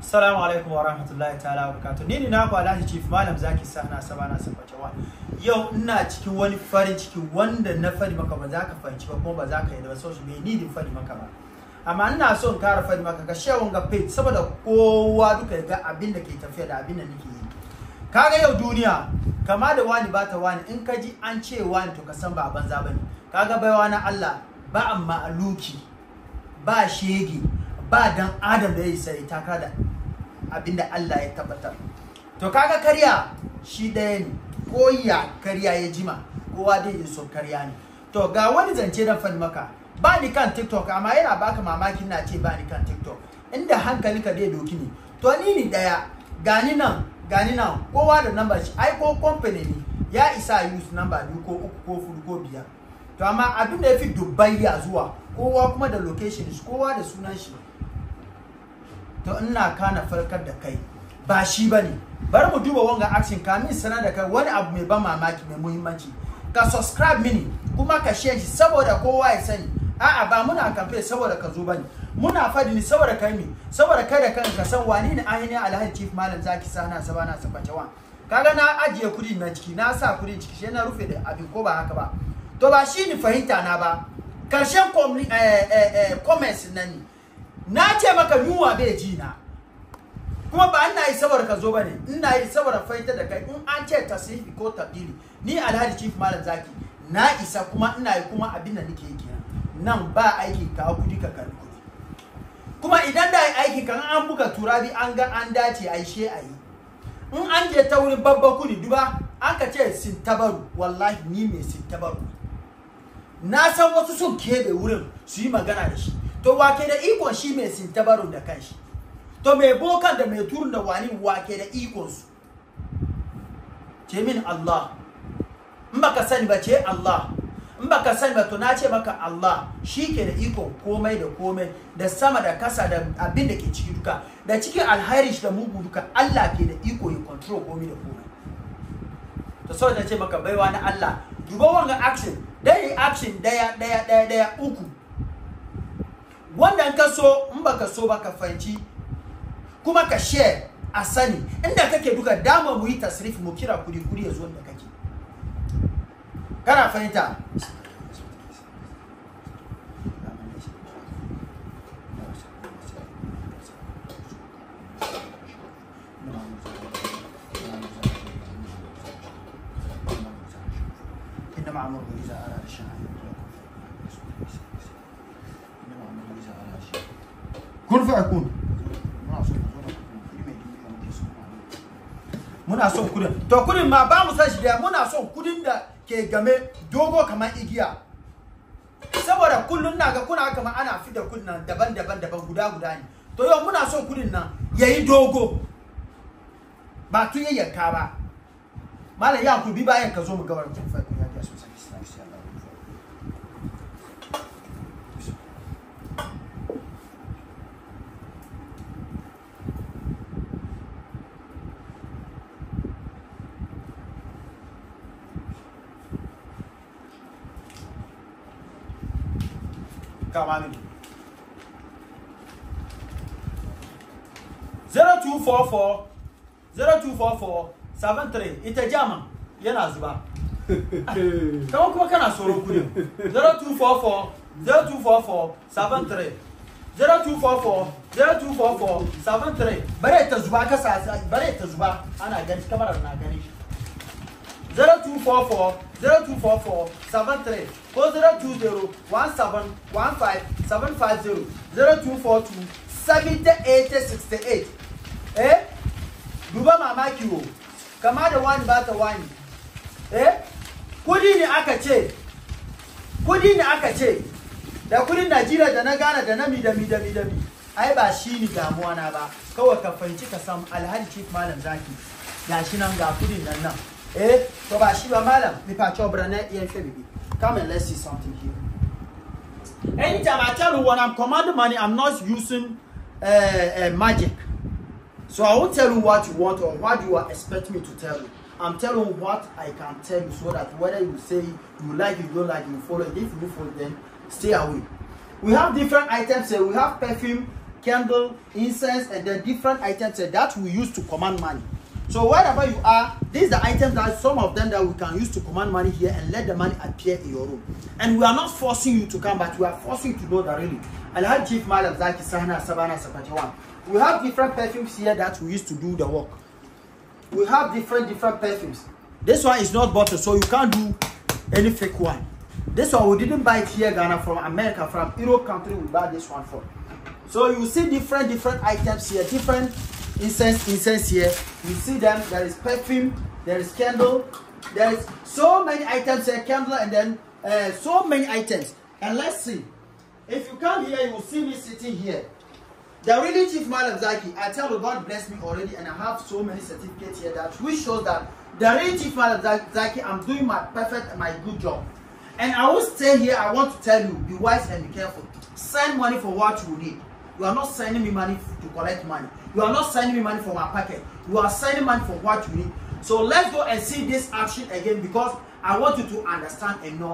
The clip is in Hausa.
Assalamu alaikum wa rahmatullahi ta'ala wa barakatuh. Ni ne naku Alhaji Chief Malam Zaki Sahna Sabana Sabatawa. Yau ina cikin wani farin ciki wanda na fadi maka ba za ka fahimci ba kuma ba za ka yi da so shi nidin fadi maka ba. Amma ina so in kara fadi maka ka share ga page saboda kowa duka ga abin da ke tafiya da abin da nake yi. Kaga yau duniya kama da wani ba ta wani in ka ji an ce wani to ka san ba banza bane. Kaga baiwa na Allah ba amma aluki ba shege ba dan adam da yayi sai takara da abinda Allah ya tabbatar to kaga karya shi ɗaya ne ko ya karya ya jima kowa dai in so karya ne to ga wani zance da fadi maka ba ni kan tiktok amma yana baka mamakin na ce ba ni kan tiktok inda ka dai doki ne to ni ni ɗaya gani nan gani nan kowa da number shi ai ko company ne ya isa use number biyu ko uku ko huɗu, ko biyar to amma abin da ya fi dubbai ya zuwa kowa kuma da location shi kowa da sunan shi to ina kana farkar da kai ba shi bane bari mu duba wanga action kamin sanar da kai wani abu mai ban mamaki mai muhimmanci ka subscribe mini kuma ka share shi saboda kowa ya sani a'a ba muna kamfe saboda ka zo bane muna fadi ne saboda kai ne saboda kai da kanka san wani ne ainihin alhaji chief malam zaki sana sabana kaga na ajiye kudi na ciki na sa kudi ciki shi na rufe da abin ko ba haka ba to ba shi ni fahimta na ba karshen eh, eh, eh, comments na ni na ce maka yunwa bai ji na kuma ba ina yi sabar ka zo ba ne ina yi sabar faita da kai in an ce tasiri ko tabdili ni alhaji chief malam zaki na isa kuma ina yi kuma abin da nake yi kenan nan ba aiki ka kudi ka karbi kudi kuma idan da aiki kan an buga turabi an ga an dace a yi ai in an je ta wurin babba kudi duba an aka ce sintabaru wallahi ni mai sintabaru na san wasu sun keɓe wurin su yi magana da shi to wake da ikon shi mai sintabarun da shi, to mai bokan da mai turun da wani wake da ikon su ce min Allah in baka sani ba ce Allah in baka sani ba to na ce maka Allah shi ke da ikon komai da komai da sama da kasa da abin da ke ciki duka da cikin alhairish da mugu duka Allah ke da iko ya control komai da komai to saboda ce maka baiwa na Allah duba wanga action dai action daya daya daya daya uku wannan ka so in baka so ba ka fanci kuma ka share a sani inda kake duka dama mu yi tasrif mu kira kudi kuri ya zo da kake kana fahimta muna son kudin to kudin ma ba mu san shi da muna son kudin da ke game dogo kamar igiya saboda kullun na ga kuna kama ana fida kudin nan daban-daban daban guda guda ne to yau muna son kudin nan yayi dogo ba tun yayyanka ba malam ya ku bi bayan ka zo mu gabar kun fa kun ya sosai Kamani. 0244 0244 73 ita jama yana zuba. Kama kuma kana tsoron kudin. 0244 0244 73 0244 0244 73 bare ta zuba ta zuba ana gani kamarar na gani shi. 0244 0244 73 ko 020 17 eh duba mamaki wo kama da wani ba ta wani eh kudi ne aka ce kudi ne aka ce da kudin najeriya da na ghana da na mi da midami ai ba shi ne damuwa na ba kawai ka fahimci ka sam alhaji chief malam zaki shi nan ga kudin nan nan Eh, so Bashiba, madam, me patcho brane, eh, yen baby. Come and let's see something here. Anytime I tell you when I'm commanding money, I'm not using uh, uh, magic. So I won't tell you what you want or what you are expecting me to tell you. I'm telling you what I can tell you so that whether you say you like, you don't like, you follow. If you do follow, then stay away. We have different items here. We have perfume, candle, incense, and then different items here that we use to command money. So wherever you are, these are the items that some of them that we can use to command money here and let the money appear in your room. And we are not forcing you to come, but we are forcing you to know that really. al chief madam Zaki Sahana Sabana Sabatawan. We have different perfumes here that we use to do the work. We have different, different perfumes. This one is not butter, so you can't do any fake one. This one we didn't buy it here, Ghana, from America, from Europe country, we buy this one from. So you see different, different items here, different incense incense here you see them there is perfume there is candle there is so many items here candle and then uh, so many items and let's see if you come here you will see me sitting here the really chief of Zaki, I tell you God bless me already and I have so many certificates here that which shows that the really chief of Zaki, I'm doing my perfect my good job. And I will stay here, I want to tell you, be wise and be careful. Send money for what you need. You are not sending me money to collect money. You are not sending me money for my pocket. You are sending money for what you need. So let's go and see this action again because I want you to understand and know.